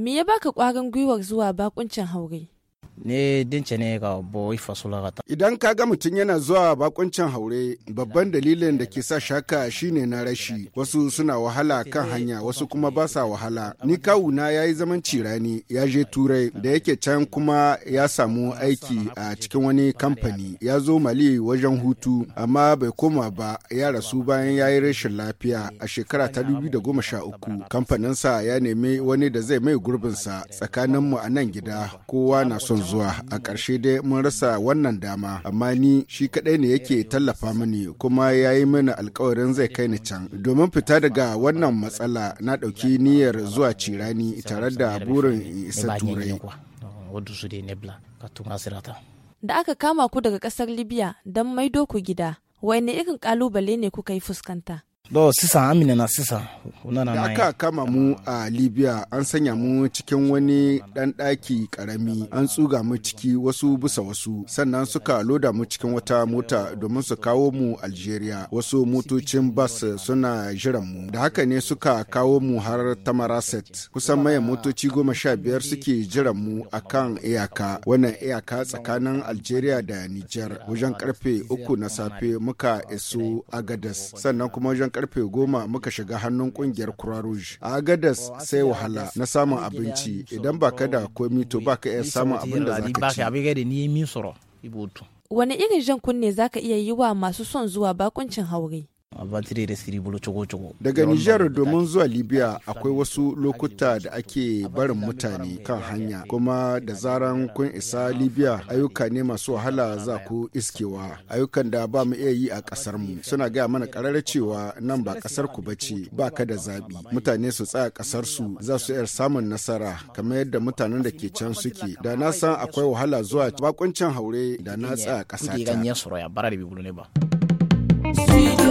Me ya baka ƙwarin gwiwar zuwa bakuncin haure? ne dince ne ka bɔ i faso idan ka ga mutum yana zuwa bakuncin haure babban dalilin da ke sa shaka shine na rashi wasu suna wahala kan hanya wasu kuma ba sa wahala ni kawu na yayi zaman cirani ya je turai da yake can kuma ya samu aiki a cikin wani kamfani ya zo mali wajen hutu amma bai koma ba ya rasu bayan yayi rashin lafiya a shekara ta uku kamfaninsa ya nemi wani da zai mai gurbin sa tsakanin mu a nan gida kowa na son zuwa a ƙarshe dai mun rasa wannan dama amma ni shi kaɗai ne yake tallafa mini kuma ya yi mini alkawarin zai kai ni can domin fita daga wannan matsala na ɗauki niyyar zuwa cirani tare da burin isa turai da aka kama ku daga ƙasar libya don maido ku gida wani irin ƙalubale ne kuka yi fuskanta do sisan an minɛna sisan u nana da aka kama mu a libya an sanya mu cikin wani ɗan ɗaki ƙarami an tsuga mu ciki wasu bisa wasu sannan suka loda mu cikin wata mota domin su kawo mu algeria wasu motocin bas suna jiran mu da haka ne suka kawo mu har tamaraset kusan mai motoci goma sha biyar suke jiran mu a kan iyaka wannan iyaka tsakanin algeria da niger wajen karfe uku na safe muka iso agadas sannan kuma wajen karfe goma muka shiga hannun kungiyar croix a agadas sai wahala na samun abinci idan ba ka da komi to ba ka iya samun abin da za ka ci wani irin jan kunne za ka iya yi wa masu son zuwa bakuncin haure da siri bolo cogo cogo daga nijar domin zuwa libya akwai wasu lokuta da ake barin mutane kan hanya kuma da zaran kun isa libya ayyuka ne masu wahala za ku iskewa ayyukan da ba mu iya yi a kasar mu suna gaya mana karara cewa nan ba kasar ku ba ce ba ka da zabi mutane su tsaya kasar su za su iya samun nasara kamar yadda mutanen da ke can suke da na san akwai wahala zuwa bakuncin haure da na tsaya kasar ta.